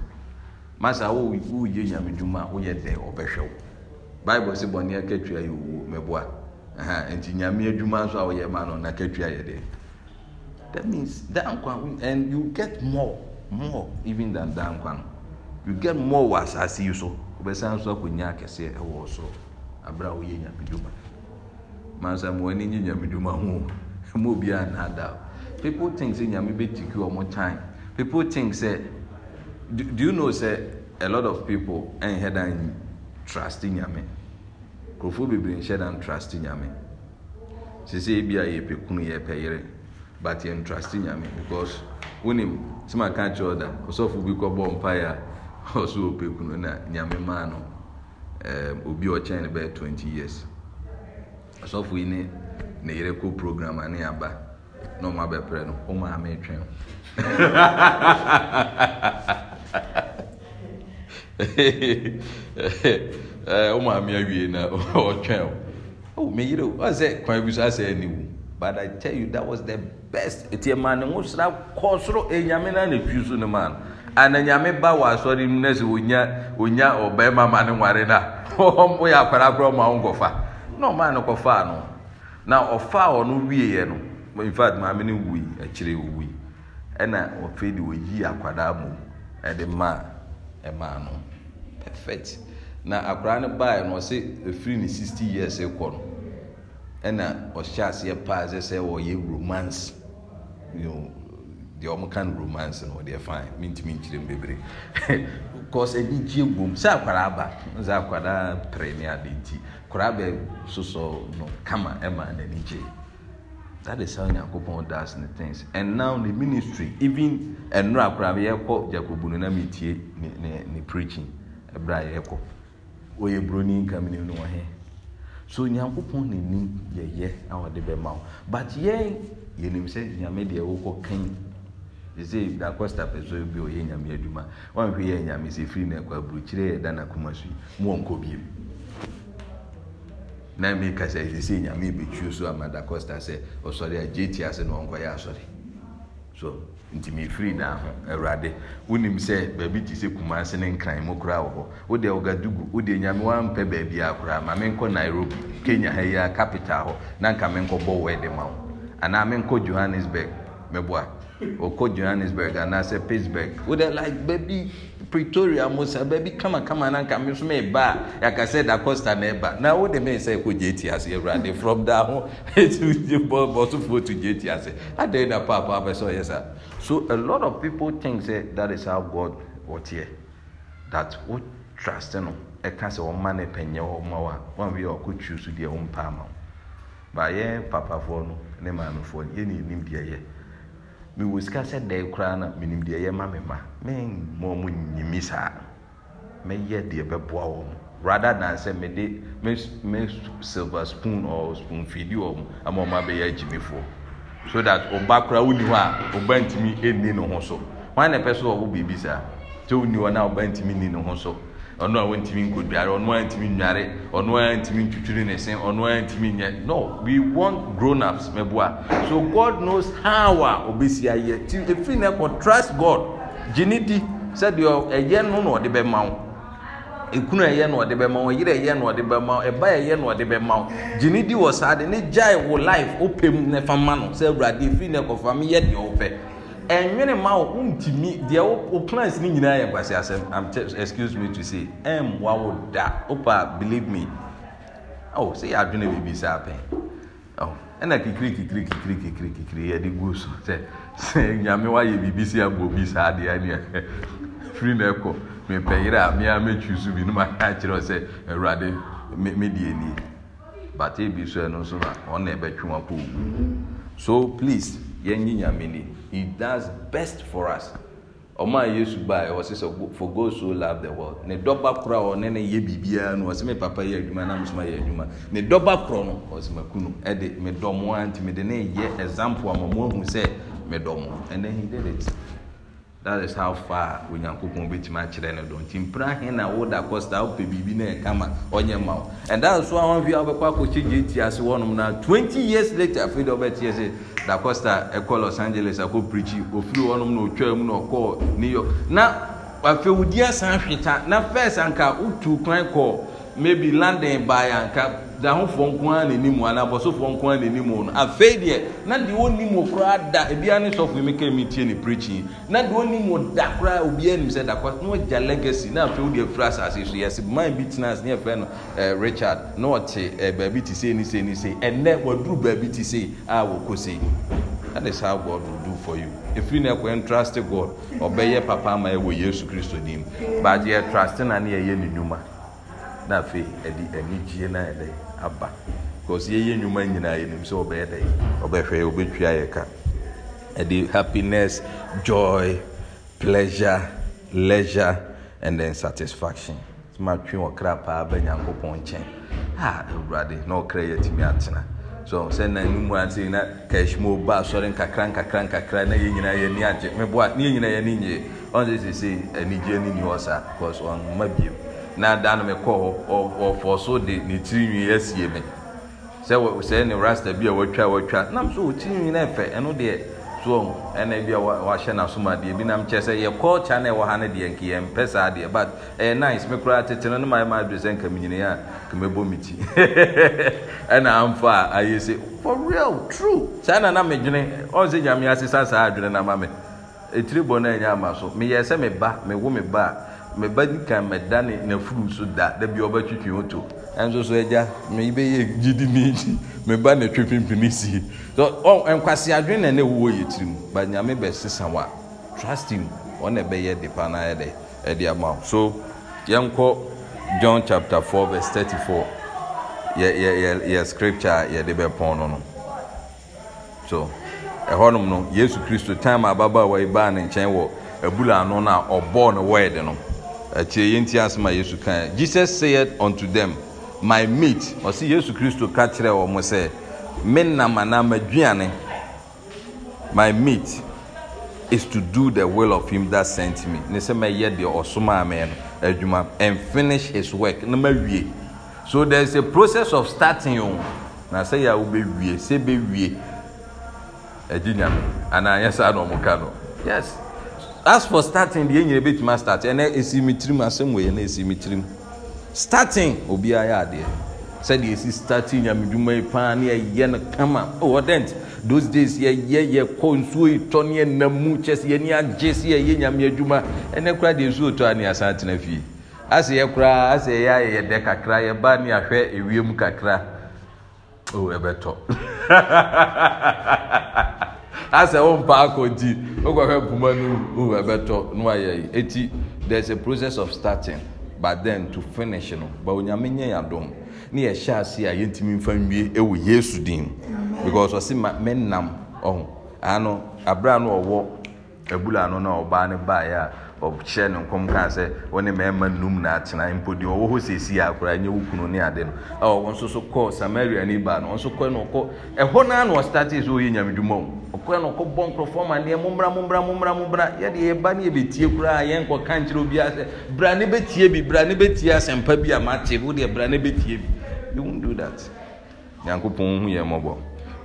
masa woyɛ nyame dwuma a woyɛ dɛ ɔbɛhwɛ wo bible sɛ bɔne akatua yɛ owuo mɛboa nti nyame adwuma nso a woyɛ ma no nakatua yɛ dɛ that means that and you get more more even than no you get more wɔ asase yi so wobɛsan so akɔnya akɛseɛ ɛwɔ soro a woyɛ nyame dwuma mo ani nye nyame dwuma ho mo obiara people think say nyame wɔn time people think say. do, do you know sɛ a lot of people ain't ɛnhyɛ any trust in nyame nkurɔfoɔ bebree nhyɛ dan trust nyame sese ebi a yɛ pɛ kunu yɛ pɛ yere but yɛn trust in nyame because wonim sima ka kyerɛ ɔda ɔsɔfo bi kɔ bɔ mpa yɛ a ɔso ɔpɛ kunu na nyame maa no ɛɛm obi ɔkyɛn no bɛyɛ twenty years ɔsɔfo yi ne ne yere kɔ program ani aba na ɔmo abɛpɛrɛ no ɔmo ame twɛn. ehe awie na ɔtwɛn o oh kwan bi so but i tell you that was the best eti soro enyame na ne fi so ne ma no ba onya onya na ɔmo yɛ akwadaa kora ɔmo ahom na ɔmo ano kɔfa ano na ɔfa ɔno wie yɛ no in fact maame ne akyire ɛna e ɔfɛ de akwadaa mu e, maa no perfect na akwaraa no baa no ɔsɛ ɛfiri ne 60 years kɔ no ɛna ɔhyɛ aseɛ paa sɛ sɛ wɔyɛ romance deɛ ɔmo ka no romance no ɔdeɛ fine mintimi nkyerɛ mu bebree because ɛni gye bom sɛ akwaraa ba sɛ akwaraa pere ne ade nti akwaraa bɛ sosɔ no kama ɛma n'ani gye. That is how Nyankopɔn does the things. And now the ministry, even nnura koraa yɛ kɔ Jacobu no na mi tie ne ne ne preaching ɛbra yɛ kɔ. Oyɛ Broni nkamini no wɔ he. So Nyankopɔn ne nim yɛyɛ a wɔde bɛ ma wo. But yɛn yɛnim sɛ Nyame deɛ wokɔ kan. Sese da Costa Pezo bi oyɛ Nyame adwuma. Wɔn ahwɛ yɛ Nyame sɛ firi na ɛkɔ aburukyire yɛ da na kuma so yi. Mu wɔn kɔ biem. na meka sɛ ɛsɛ sɛ nyame bɛtuo so amada costa sɛ ɔsɔre a gyeti ase na ɔnkɔyɛ asɔre so nti firi na ho awurade wonim sɛ baabi te sɛ kuma ase ne nkran mu koraa wɔ hɔ wode ɔgadugu wode nyame wampɛ baabi a koraa ma menkɔ nairobi kenya ha yi a capital hɔ na nka menkɔbɔ wɔɛde ma wo anaa menkɔ johannesburg mɛboa ɔkɔ johannesburg anaasɛ O wode like baabi pretoria mu sa baabi kamakama na nka mesom ɛba a yɛaka sɛ da costa na ɛba na wode mee sɛ ɛkɔ gye ti ase awurade from da ho bɔsofoɔ to gye ti ase adɛn na paapaa pɛ sɛ ɔyɛ saa so a lot of people think say that is how god wɔteɛ that wo trust oh, no ɛka sɛ wɔma no pɛnyɛ hɔ ma wo a wan wei a ɔkɔtwiri so deɛ wompaa ma wo baayɛ papafoɔ no ne maamefoɔ no yɛne nim deɛ yɛ mewɔ sika sɛ dɛɛ koraa na menim deɛ ɛyɛ ma me ma memmɔ mo nyimi saa mɛyɛ deɛ bɛboa wɔ mo rather than sɛ mede me silver spoon or spoon fidi wɔ mo ama ɔma bɛyɛ agyimifoɔ so that ɔba koraa woni hɔ a ɔba ntumi ɛnni ne ho so wɔn na ɛpɛ so wɔ wo biribi saa sɛ woni hɔ na ɔba ntumi nni ne ho so ɔno a wɔntumi nkodware ɔno a ntumi nnware ɔno a ntumi ntwitwiri ne se ɔno a ntumi nyɛ no we want grown ups mɛboa so god knows how a obesi ayɛ ti efi na ɛkɔ trust god gyini di sɛdeɛ ɛyɛ no na ɔde bɛma wo ekunu ɛyɛ na ɔde bɛma wo yere ɛyɛ na ɔde bɛma wo ɛba ɛyɛ na ɔde bɛma wo gyini di wɔ saa de ne gyae wo life opem na ɛfa ma no sɛ awurade efi na ɛkɔ fam yɛ deɛ ɔpɛ ɛnwene ma wo ntumi deɛ wo plans ne nyinaa yɛ kwasi asɛm i'm just excuse me to say ɛmmoa wo da opa believe me oh sɛ yɛ adwene biribi saa pɛn oh ɛna kikiri kikiri kikiri kikiri kikiri yɛde gu so sɛ sɛ nyame wayɛ biribi si abɔ bi saa adeɛ ne firi na ɛkɔ mepɛyere a mea mɛtwi so bi no ma ka kyerɛ sɛ awurade medie nie bate bi so ɛno nso na ɔna ɛbɛtwe wapɔ ogu so please yɛn nyi nyame ni he does best for us ɔmo a yesu baa ɛwɔ sɛ for God so love the world ne dɔba korɔ a ɔne ne yɛ biribiara no ɔsɛ me papa yɛ adwuma na mo so ma yɛ adwuma ne dɔba korɔ no ɔsɛ ma kunu ɛde me dɔmo a nti me de ne example ama mo ahu sɛ me dɔmo and then he did it that is how far onyankopɔn bɛtumi akyerɛ ne dɔn nti mpira he na woda costa wopɛ biribi na ɛka ma ɔnyɛ ma wo and that is why wɔn fi a wobɛkɔ akɔkyɛ gye ti ase wɔnom na twenty years later afei de ɔbɛteɛ sɛ da costa ɛkɔ los angeles akɔ pirikyi ofiri hɔnom na otwa mu na ɔkɔ new york na afɛwudi asan hweta na first anka wotu kwan kɔ maybe london by anka dahofoɔ nko ara na anim anaa abɔsofoɔ nko ara na anim no afei deɛ na deɛ onim o koraa da ebia ne sɔfo mi ka mi tie ne preaching na deɛ onim o da koraa obiara nim sɛ da koraa na ɔgya legacy na afei deɛ fura asase so yɛsi man bi tena ase ne yɛfrɛ no ɛɛ richard na ɔte ɛɛ baabi ti sei ne sei ne sei ɛnɛ waduru baabi ti sei a wɔkɔ sei that is how God will do for you efiri na ɛkɔ yɛn trust God ɔbɛyɛ papa ama yɛ wɔ yesu kristo nim but yɛ trust na ne yɛ yɛ ne nnwuma na afei ɛdi anigye na ɛdɛ aba because yɛyɛ nnwuma nyinaa yɛnim sɛ ɔbɛyɛ dɛ ɔbɛhwɛ yɛ ɔbɛtwa yɛ ka ɛde happiness joy pleasure leisure and then satisfaction ma twe ɔkra paa bɛ nyankopɔn nkyɛn a awurade na ɔkra yɛ atumi atena so sɛ na ne mu ase na kashmo ba asɔre nkakra nkakra nkakra na yɛ nyinaa yɛ ni agye meboa ne yɛ nyinaa yɛ ni nye ɔn sɛ sɛ sɛ anigye ni ni hɔ saa because ɔn ma biem na da no mekɔ hɔ ɔfɔ so de ne tirinwi asie me sɛ sɛ ne rasta bi a watwa watwa nam so tirinwi no ɛfɛ ɛno deɛ soɔ ɛna bi a wahyɛ n'asomadeɛ bi nam kyɛ sɛ yɛ kɔɔkya na ɛwɔ ha no deɛ nka yɛmpɛ saa deɛ but ɛyɛ nice me koraa tete no no ma ɛma adwene sɛ nka a nka mɛbɔ me ti ɛna amfa a ayɛ sɛ for real true saa na na medwene ɔn sɛ nyame asesa saa adwene no ama me ɛtiri bɔ no ɛnyɛ ama so meyɛ sɛ meba mewo meba a meba di kan meda ne n'afuru so da dabi ɔbɛtwitwi moto ɛnso so ibe meyi bɛyɛ gyidi ne ekyi meba ne twi pimpini si so ɔ nkwasi adwene na ne wuo yɛ tiri mu ba bɛ sisan wa trust him ɔna ɛbɛyɛ de pa na ayɛ dɛ ɛde e ama o so yɛn kɔ john chapter four verse thirty four yɛ yɛ yɛ yɛ scripture yɛde bɛ pɔn no no so ɛhɔnom no yesu kristo time ababaawa yi baa ne nkyɛn wɔ ebula ano na ɔbɔɔ ne word no. jesus said unto them my meat ɔsi yesu kristo ka kyerɛ wɔn sɛ me nam anaa my meat is to do the will of him that sent me ne sɛ mɛyɛ deɛ ɔsomaa mɛ no adwuma and finish his work na ma wie so there is a process of starting o oh, na sɛ yɛ a wobɛwie sɛ bɛwie adi nyame anaa yɛ saa na ɔmo ka no yes. as for starting deɛ nyina bɛtumi start ɛnɛ ɛsi me tirim asɛm wɔ yɛ na ɛsi me tirim starting obi yɛ adeɛ sɛdeɛ ɛsi e starting nyamedwuma yi paa ne yɛyɛ no kama oh, ɔdɛnt those days yɛyɛ yɛkɔ nsuo yi tɔ ne yɛnam mu kyɛ sɛ yɛni agye sɛ yɛyɛ nyame adwuma ɛnɛ kora deɛ nsuo tɔ a ne asan atena fie asɛ yɛ koraa asɛ yɛ ayɛ yɛdɛ kakra yɛba ne ahwɛ ewiem kakra o ɛbɛtɔ asɛ wompa akɔgyi wokɔhwɛ poma no ɛbɛtɔ no ayɛ ɛti there's a process of starting but then to finish no But onyame nyɛ yɛadom ne yɛhyɛ ase a yɛntumi mfa nwie ɛwɔ yesu din because ɔse ma menam ɔho ano abrɛ no ɔwɔ abula no na ɔbaa ne baeɛ a ɔhyɛ ne nkɔm kaa sɛ wɔne mmarima num na atena mpo deɛ ɔwɔ hɔ sɛsi akora nyɛ wo ne ade no a ɔwɔ nso so kɔɔ samaria ne baa no ɔnso kɔɛ na ɔkɔ ɛhɔ naa na ɔstate sɛ ɔyɛ nyamedwuma mu ɔkɔɛ na ɔkɔbɔ nkurɔfoɔ ma nneɛ mommra mommra mommra mommra yɛde yɛba ne yɛbɛtie koraa yɛnkɔka nkyerɛ obiaa sɛ bra ne bɛtie bi bra ne bɛtie asɛmpa bi a mate wo deɛ bra ne bɛtie bi you won't do that nyankopɔn hu yɛ mmɔbɔ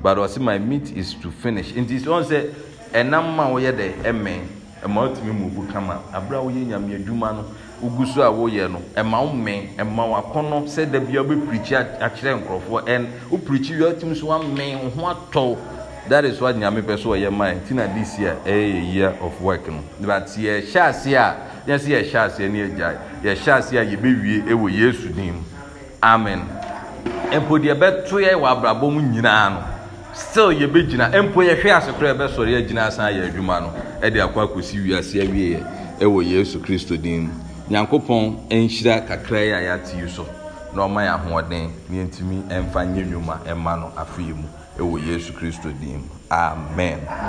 but ɔse my meat is to finish nti sɛ ɔn sɛ ɛnam ma woyɛ dɛ ɛma wotumi muvu kama abira woyɛ nyame adwuma no wogu so a woyɛ no ɛma wo mmɛn ɛma wakɔnɔ sɛ da bia wobɛpirikyi akyerɛ nkurɔfoɔ ɛn wopirikyi wie atumi so woamɛn wo ho atɔw that is what nyame pɛ so ɔyɛ maa nti na this year ɛyɛ year of work no but yɛhyɛ ase a yɛn sɛ yɛhyɛ ase ne yɛgyae yɛhyɛ ase a yɛbɛwie ɛwɔ yesu dim amen mpo deɛ ɛbɛto yɛ wɔ abrabɔ mu nyinaa no still yɛbɛgyina mpo yɛhwɛ asekora yɛbɛsɔre agyina asan yɛ adwuma no ɛde akɔ akɔsi wiase awieɛ ɛwɔ yesu kristo din mu nyankopɔn nhyira kakra yi a yɛate yi so na ɔma yɛ ahoɔden na yɛntumi mfa nyɛ nnwuma ma no afei mu ɛwɔ yesu kristo din mu amen